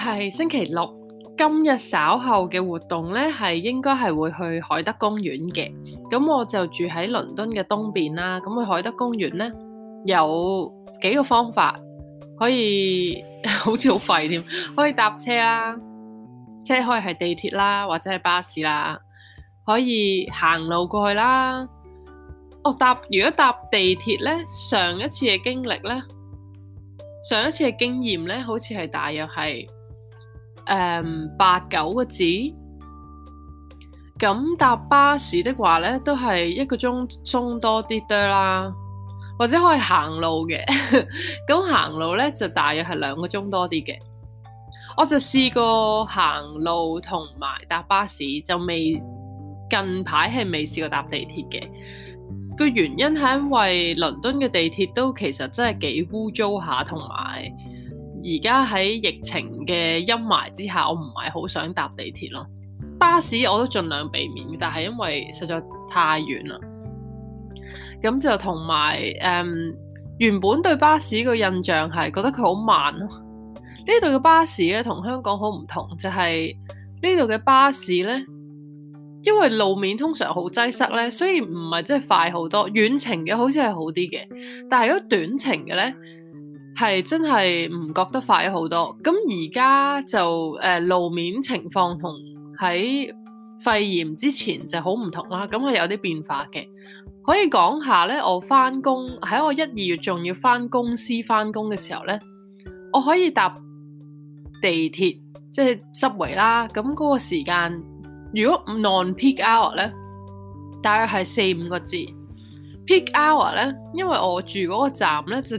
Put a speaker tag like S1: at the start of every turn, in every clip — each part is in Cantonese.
S1: 係星期六，今日稍後嘅活動咧，係應該係會去海德公園嘅。咁我就住喺倫敦嘅東邊啦。咁去海德公園咧，有幾個方法可以，好似好廢添，可以搭車啦，即係可以係地鐵啦，或者係巴士啦，可以行路過去啦。哦，搭，如果搭地鐵咧，上一次嘅經歷咧，上一次嘅經驗咧，好似係大約係。誒，八九、um, 個字。咁搭巴士的話咧，都係一個鐘鐘多啲多啦，或者可以行路嘅。咁 行路咧就大約係兩個鐘多啲嘅。我就試過行路同埋搭巴士，就未近排係未試過搭地鐵嘅。個原因係因為倫敦嘅地鐵都其實真係幾污糟下，同埋。而家喺疫情嘅陰霾之下，我唔係好想搭地鐵咯。巴士我都盡量避免，但係因為實在太遠啦。咁就同埋誒，原本對巴士嘅印象係覺得佢好慢咯，啊。呢度嘅巴士咧同香港好唔同，就係呢度嘅巴士咧，因為路面通常好擠塞咧，所以唔係真係快好多。遠程嘅好似係好啲嘅，但係如果短程嘅咧。係真係唔覺得快咗好多。咁而家就誒，路面情況同喺肺炎之前就好唔同啦。咁係有啲變化嘅。可以講下咧，我翻工喺我一二月仲要翻公司翻工嘅時候咧，我可以搭地鐵即係 subway 啦。咁嗰個時間，如果 non peak hour 咧，大約係四五個字。peak hour 咧，因為我住嗰個站咧就。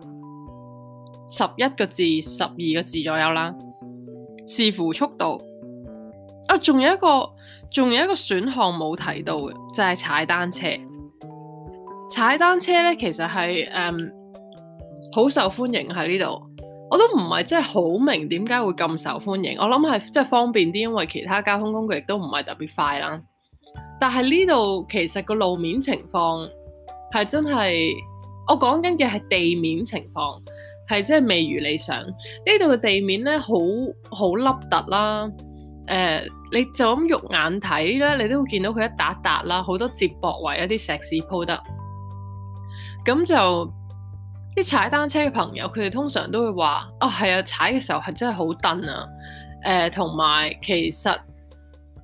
S1: 十一個字，十二個字左右啦。視乎速度啊，仲有一個，仲有一個選項冇提到嘅就係、是、踩單車。踩單車咧，其實係誒好受歡迎喺呢度。我都唔係真係好明點解會咁受歡迎。我諗係即係方便啲，因為其他交通工具亦都唔係特別快啦。但係呢度其實個路面情況係真係我講緊嘅係地面情況。係真係未如理想，呢度嘅地面咧好好凹凸啦，誒、呃，你就咁肉眼睇咧，你都會見到佢一笪笪啦，好多接駁位一啲石屎鋪得，咁就啲踩單車嘅朋友，佢哋通常都會話，哦、啊，係啊，踩嘅時候係真係好蹬啊，誒，同埋其實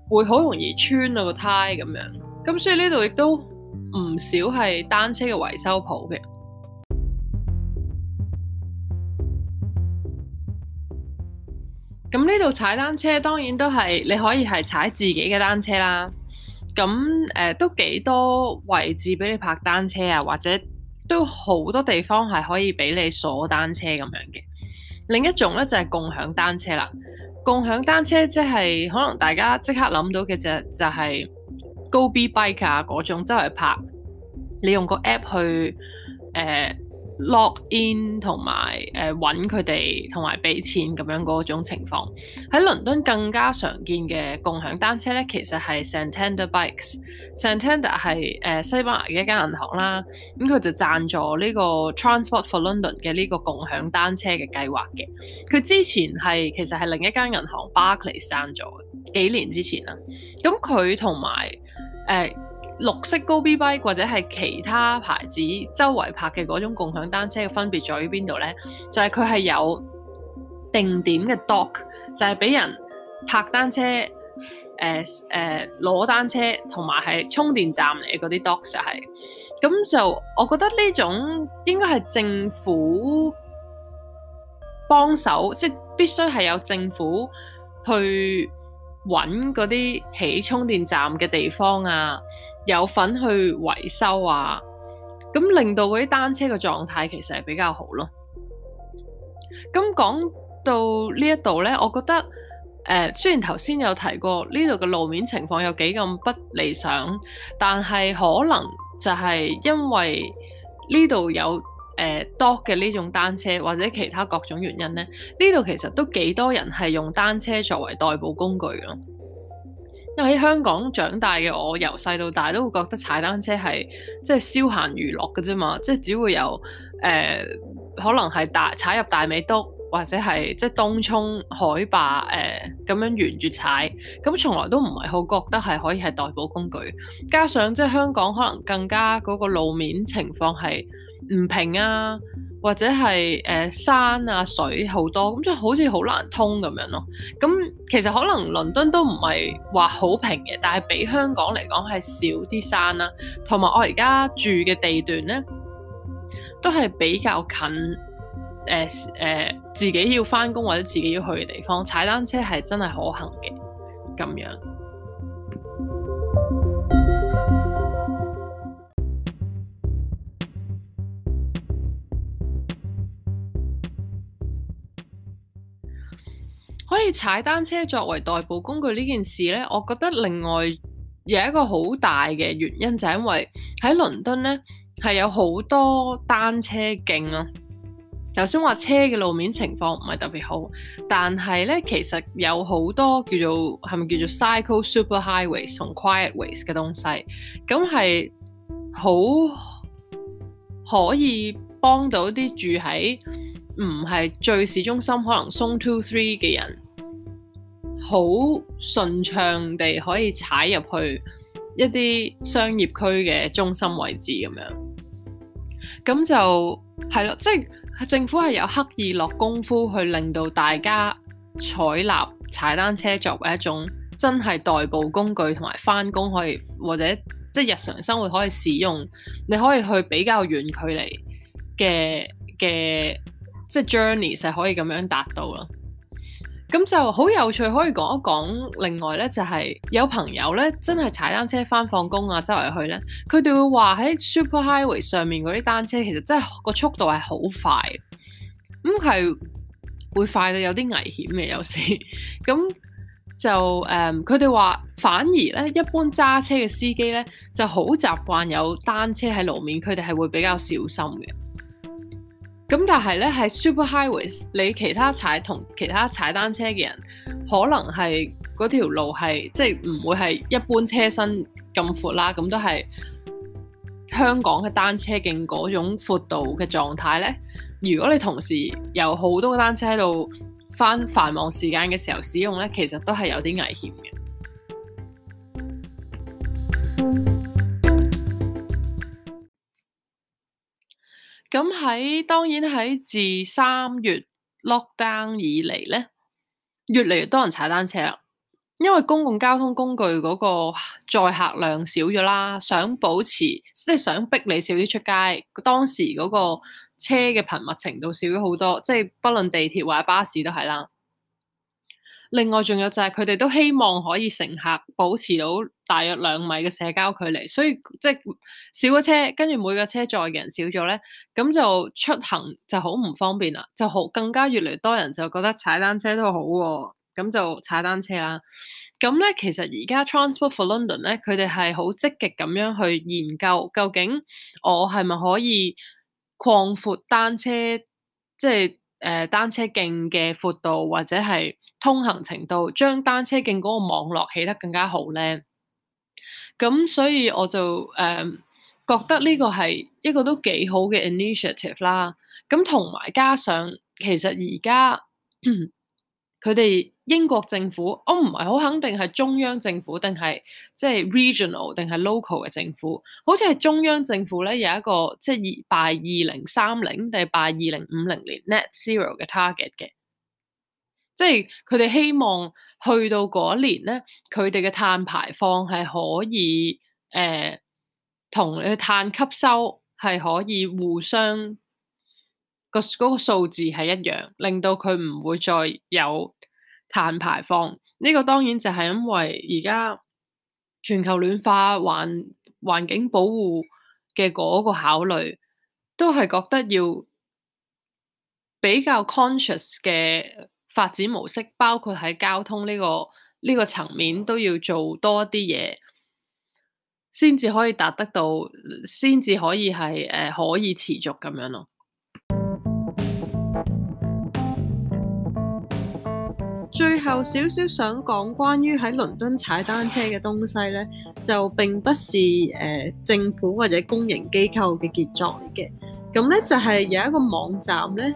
S1: 會好容易穿到、啊嗰個胎咁樣，咁所以呢度亦都唔少係單車嘅維修鋪嘅。咁呢度踩單車當然都係你可以係踩自己嘅單車啦，咁誒、呃、都幾多位置俾你泊單車啊，或者都好多地方係可以俾你鎖單車咁樣嘅。另一種咧就係、是、共享單車啦，共享單車即、就、係、是、可能大家即刻諗到嘅就是、就係高 o b i k e 啊嗰種周，即係拍你用個 app 去誒。呃 Lock in 同埋誒揾佢哋同埋俾錢咁樣嗰種情況，喺倫敦更加常見嘅共享單車咧，其實係 Santander Bikes。Santander 係、呃、西班牙嘅一間銀行啦，咁、嗯、佢就贊助呢個 Transport for London 嘅呢個共享單車嘅計劃嘅。佢之前係其實係另一間銀行 Barclays 贊助，幾年之前啦。咁佢同埋誒。綠色 GoBike 或者係其他牌子周圍泊嘅嗰種共享單車嘅分別在於邊度呢？就係佢係有定點嘅 Dock，就係俾人泊單車、誒誒攞單車同埋係充電站嚟嗰啲 Dock 就係、噉。咁就我覺得呢種應該係政府幫手，即、係、必須係有政府去揾嗰啲起充電站嘅地方啊。有份去維修啊，咁令到嗰啲單車嘅狀態其實係比較好咯。咁講到呢一度呢，我覺得誒、呃，雖然頭先有提過呢度嘅路面情況有幾咁不理想，但係可能就係因為呢度有誒、呃、多嘅呢種單車或者其他各種原因呢。呢度其實都幾多人係用單車作為代步工具咯。因為喺香港長大嘅我，由細到大都會覺得踩單車係即係消閒娛樂嘅啫嘛，即係只會有誒、呃，可能係大踩入大尾督或者係即係東涌海霸誒咁、呃、樣沿住踩，咁從來都唔係好覺得係可以係代步工具，加上即係香港可能更加嗰個路面情況係唔平啊。或者係誒、呃、山啊水好多，咁即係好似好難通咁樣咯。咁其實可能倫敦都唔係話好平嘅，但係比香港嚟講係少啲山啦、啊。同埋我而家住嘅地段咧，都係比較近。誒、呃、誒、呃，自己要翻工或者自己要去嘅地方，踩單車係真係可行嘅咁樣。所以踩單車作為代步工具呢件事咧，我覺得另外有一個好大嘅原因就係、是、因為喺倫敦咧係有好多單車徑咯、啊。頭先話車嘅路面情況唔係特別好，但係咧其實有好多叫做係咪叫做 Cycle Super Highways 同 quiet ways 嘅 qu 東西，咁係好可以幫到啲住喺唔係最市中心可能 zone two three 嘅人，好順暢地可以踩入去一啲商業區嘅中心位置咁樣，咁就係咯，即政府係有刻意落功夫去令到大家採納踩單車作為一種真係代步工具同埋翻工可以或者即係日常生活可以使用，你可以去比較遠距離嘅嘅即係 journey 係可以咁樣達到咯。咁就好有趣，可以講一講。另外咧，就係、是、有朋友咧，真係踩單車返放工啊，周圍去咧，佢哋會話喺 Super Highway 上面嗰啲單車，其實真係個速度係好快，咁、嗯、係會快到有啲危險嘅，有時。 咁就誒，佢哋話反而咧，一般揸車嘅司機咧，就好習慣有單車喺路面，佢哋係會比較小心嘅。咁但係咧喺 superhighways，你其他踩同其他踩單車嘅人，可能係嗰條路係即係唔會係一般車身咁闊啦，咁都係香港嘅單車徑嗰種闊度嘅狀態咧。如果你同時有好多個單車喺度，返繁忙時間嘅時候使用咧，其實都係有啲危險嘅。咁喺當然喺自三月 lockdown 以嚟咧，越嚟越多人踩單車啦，因為公共交通工具嗰個載客量少咗啦，想保持即係想逼你少啲出街，當時嗰個車嘅頻密程度少咗好多，即係不論地鐵或者巴士都係啦。另外仲有就係佢哋都希望可以乘客保持到。大約兩米嘅社交距離，所以即係少咗車，跟住每個車座嘅人少咗咧，咁就出行就好唔方便啦，就好更加越嚟多人就覺得踩單車都好喎、哦，咁就踩單車啦。咁、嗯、咧其實而家 Transport for London 咧，佢哋係好積極咁樣去研究究竟我係咪可以擴闊單車即係誒單車徑嘅闊度，或者係通行程度，將單車徑嗰個網絡起得更加好咧。咁、嗯、所以我就誒、嗯、覺得呢個係一個都幾好嘅 initiative 啦。咁同埋加上其實而家佢哋英國政府，我唔係好肯定係中央政府定係即係、就是、regional 定係 local 嘅政府，好似係中央政府咧有一個即係拜二零三零定係拜二零五零年 net zero 嘅 target 嘅。即係佢哋希望去到嗰年咧，佢哋嘅碳排放係可以，誒同佢嘅碳吸收係可以互相個嗰、嗰個數字係一樣，令到佢唔會再有碳排放。呢、呢個當然就係因為而家全球暖化環環境保護嘅嗰個考慮，都係覺得要比較 conscious 嘅。發展模式包括喺交通呢、呢個呢、呢個層面都要做多啲嘢，先至可以達得到，先至可以係誒、呃、可以持續咁樣咯。
S2: 最後少少想講關於喺倫敦踩單車嘅東西咧，就並不是誒、呃、政府或者公營機構嘅傑作嚟嘅，咁咧就係、是、有一個網站咧。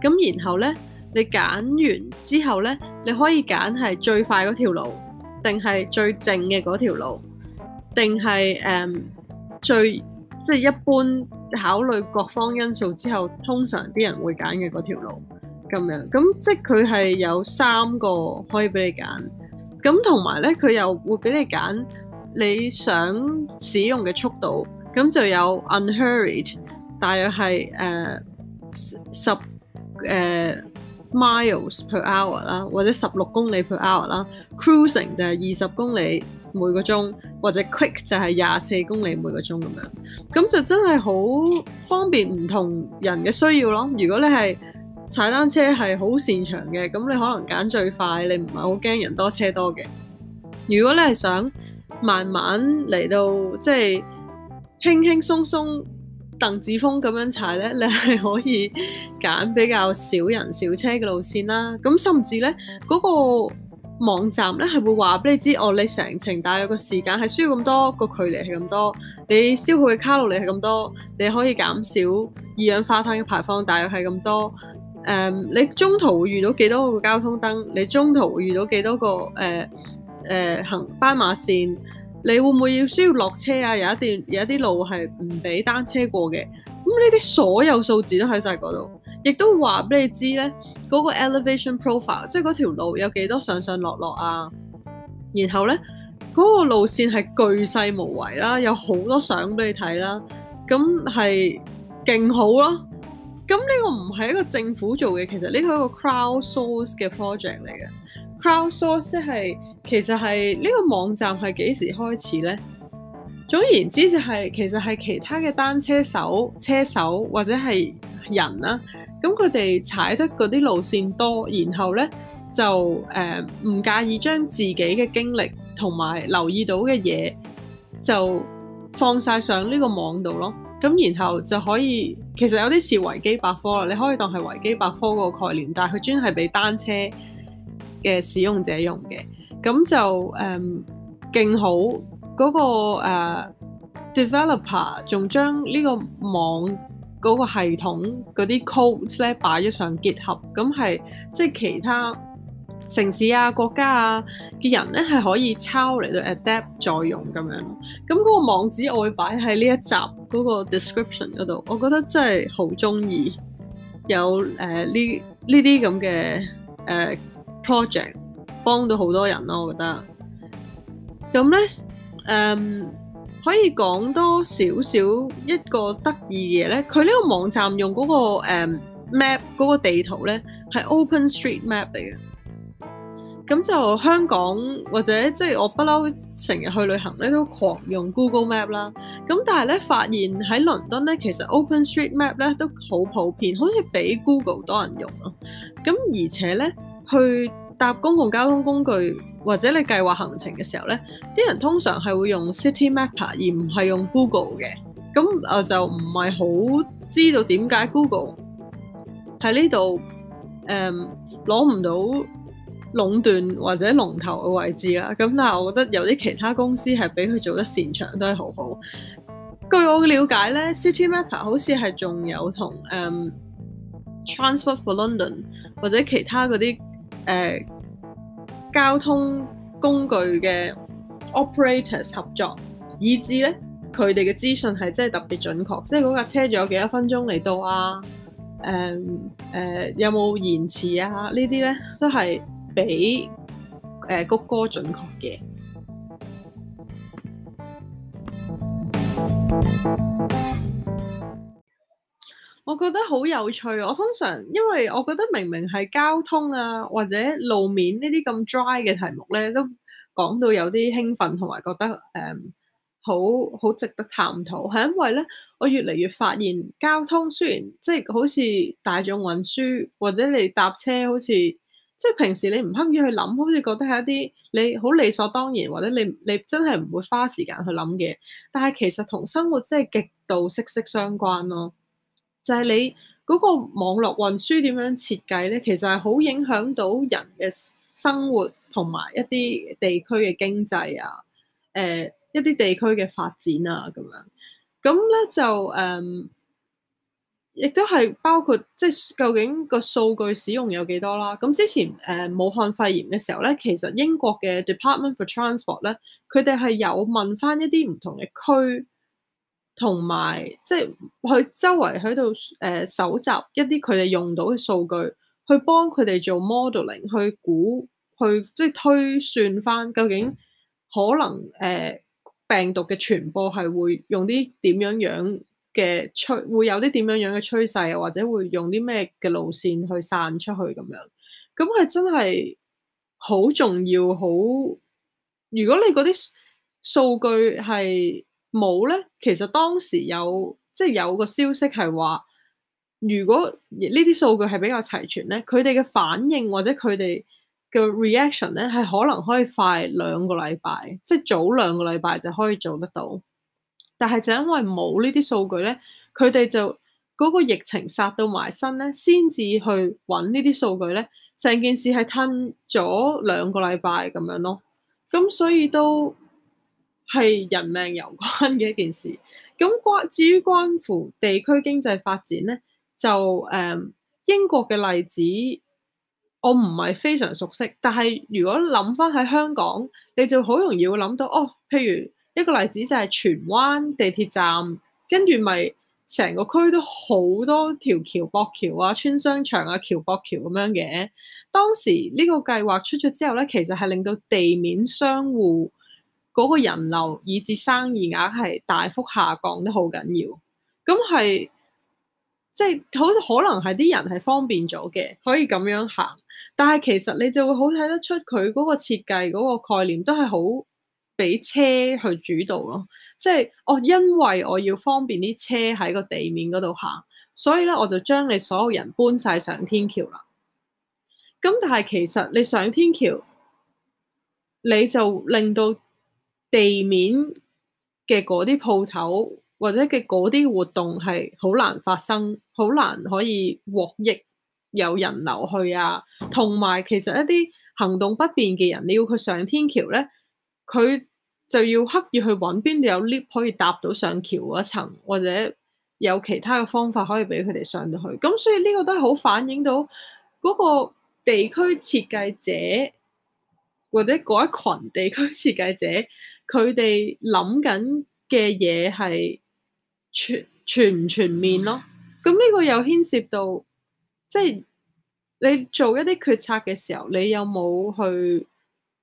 S2: 咁然後咧，你揀完之後咧，你可以揀係最快嗰條路，定係最靜嘅嗰條路，定係誒最即係一般考慮各方因素之後，通常啲人會揀嘅嗰條路咁樣。咁即係佢係有三個可以俾你揀。咁同埋咧，佢又會俾你揀你想使用嘅速度。咁就有 unhurried，大約係誒十誒、呃、miles per hour 啦，或者十六公里 per hour 啦，cruising 就係二十公里每個鐘，或者 quick 就係廿四公里每個鐘咁樣，咁就真係好方便唔同人嘅需要咯。如果你係踩單車係好擅長嘅，咁你可能揀最快，你唔係好驚人多車多嘅。如果你係想慢慢嚟到，即、就、係、是、輕輕鬆鬆。鄧志峰咁樣踩呢，你係可以揀比較少人少車嘅路線啦。咁甚至呢，嗰、那個網站呢係會話俾你知，哦，你成程大約個時間係需要咁多，個距離係咁多，你消耗嘅卡路里係咁多，你可以減少二氧化碳嘅排放，大約係咁多。誒、嗯，你中途會遇到幾多個交通燈？你中途會遇到幾多個誒誒、呃呃、行斑馬線？你會唔會要需要落車啊？有一段有一啲路係唔俾單車過嘅，咁呢啲所有數字都喺晒嗰度，亦都話俾你知咧，嗰個 elevation profile，即係嗰條路有幾多上上落落啊？然後咧嗰個路線係巨細無遺啦，有好多相俾你睇啦，咁係勁好咯。咁呢個唔係一個政府做嘅，其實呢個係一個 crowd source 嘅 project 嚟嘅，crowd source 即係。其實係呢、這個網站係幾時開始呢？總言之就係、是、其實係其他嘅單車手、車手或者係人啦、啊。咁佢哋踩得嗰啲路線多，然後呢就誒唔、呃、介意將自己嘅經歷同埋留意到嘅嘢就放晒上呢個網度咯。咁然後就可以其實有啲似維基百科啦。你可以當係維基百科個概念，但係佢專係俾單車嘅使用者用嘅。咁就誒勁、um, 好嗰、那個、uh, developer 仲將呢個網嗰個系統嗰啲 code 咧擺咗上 GitHub，咁係即係其他城市啊、國家啊嘅人咧係可以抄嚟到 adapt 再用咁樣。咁、那、嗰個網址我會擺喺呢一集嗰個 description 嗰度，我覺得真係好鍾意有誒呢呢啲咁嘅誒 project。幫到好多人咯，我覺得。咁咧，誒可以講多少少一個得意嘅嘢咧。佢呢個網站用嗰個誒 map 嗰個地圖咧，係 OpenStreetMap 嚟嘅。咁就香港或者即係我不嬲成日去旅行咧，都狂用 Google Map 啦。咁但係咧，發現喺倫敦咧，其實 OpenStreetMap 咧都好普遍，好似比 Google 多人用咯。咁而且咧去。搭公共交通工具或者你計劃行程嘅時候咧，啲人通常係會用 Citymapper 而唔係用 Google 嘅。咁我就唔係好知道點解 Google 喺呢度誒攞唔到壟斷或者龍頭嘅位置啦。咁但係我覺得有啲其他公司係比佢做得擅長都係好好。據我瞭解咧，Citymapper 好似係仲有同誒 Transport for London 或者其他嗰啲。誒、呃、交通工具嘅 operators 合作，以致咧佢哋嘅資訊係真係特別準確，即係嗰架車仲有幾多分鐘嚟到啊？誒、呃、誒、呃，有冇延遲啊？呢啲咧都係比誒、呃、谷歌準確嘅。 我覺得好有趣。我通常因為我覺得明明係交通啊，或者路面呢啲咁 dry 嘅題目咧，都講到有啲興奮同埋覺得誒、um, 好好值得探討，係因為咧我越嚟越發現交通雖然即係好似大眾運輸或者你搭車好，好似即係平時你唔刻意去諗，好似覺得係一啲你好理所當然，或者你你真係唔會花時間去諗嘅，但係其實同生活真係極度息息相關咯。就係你嗰個網絡運輸點樣設計咧，其實係好影響到人嘅生活同埋一啲地區嘅經濟啊，誒、呃、一啲地區嘅發展啊咁樣。咁咧就誒，亦、嗯、都係包括即係、就是、究竟個數據使用有幾多啦。咁之前誒、呃、武漢肺炎嘅時候咧，其實英國嘅 Department for Transport 咧，佢哋係有問翻一啲唔同嘅區。同埋即係佢周圍喺度誒搜集一啲佢哋用到嘅數據去幫佢哋做 modeling，去估，去，eling，去，去即係推算翻究竟可能誒、呃、病毒嘅傳播係會用啲點樣樣嘅趨會有啲點樣樣嘅趨勢，或者會用啲咩嘅路線去散出去咁樣，咁係真係好重要，好。如果你嗰啲數據係。冇咧，其實當時有即係有個消息係話，如果呢啲數據係比較齊全咧，佢哋嘅反應或者佢哋嘅 reaction 咧係可能可以快兩個禮拜，即係早兩個禮拜就可以做得到。但係就因為冇呢啲數據咧，佢哋就嗰個疫情殺到埋身咧，先至去揾呢啲數據咧，成件事係吞咗兩個禮拜咁樣咯。咁所以都係人命有關嘅一件事，咁關至於關乎地區經濟發展咧，就誒、嗯、英國嘅例子，我唔係非常熟悉，但係如果諗翻喺香港，你就好容易會諗到哦。譬如一個例子就係荃灣地鐵站，跟住咪成個區都好多條橋駁橋啊、村商場啊、橋駁橋咁樣嘅。當時呢個計劃出咗之後咧，其實係令到地面商戶。嗰個人流以至生意額係大幅下降，都好緊要。咁係即係好可能係啲人係方便咗嘅，可以咁樣行。但係其實你就會好睇得出佢嗰個設計嗰個概念都係好俾車去主導咯。即係，哦，因為我要方便啲車喺個地面嗰度行，所以咧我就將你所有人搬晒上天橋啦。咁但係其實你上天橋，你就令到地面嘅嗰啲鋪頭或者嘅嗰啲活動係好難發生，好難可以獲益有人流去啊。同埋其實一啲行動不便嘅人，你要佢上天橋咧，佢就要刻意去揾邊度有 lift 可以搭到上橋嗰一層，或者有其他嘅方法可以俾佢哋上到去。咁所以呢個都係好反映到嗰個地區設計者或者嗰一群地區設計者。佢哋諗緊嘅嘢係全全唔全面咯，咁呢個又牽涉到即係你做一啲決策嘅時候，你有冇去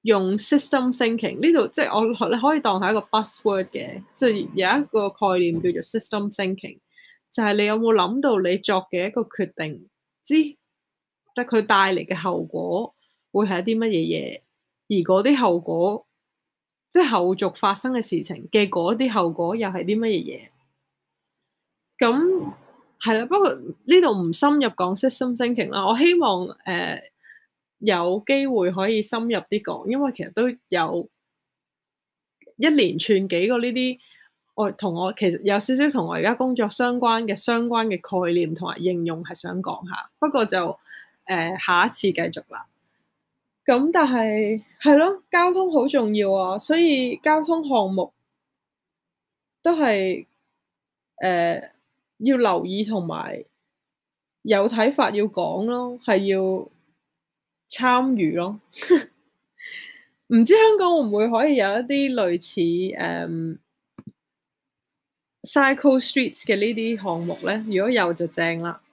S2: 用 system thinking 呢度？即係我你可以當係一個 buzzword 嘅，即係有一個概念叫做 system thinking，就係你有冇諗到你作嘅一個決定，知得佢帶嚟嘅後果會係一啲乜嘢嘢，而嗰啲後果。即係後續發生嘅事情嘅嗰啲後果又，又係啲乜嘢嘢？咁係啦，不過呢度唔深入講 system thinking 啦。我希望誒、呃、有機會可以深入啲講，因為其實都有一連串幾個呢啲我同我其實有少少同我而家工作相關嘅相關嘅概念同埋應用係想講下，不過就誒、呃、下一次繼續啦。咁但係係咯，交通好重要啊、哦，所以交通項目都係誒、呃、要留意同埋有睇法要講咯，係要參與咯。唔 知香港會唔會可以有一啲類似誒 Cycle、嗯、Streets 嘅呢啲項目咧？如果有就正啦。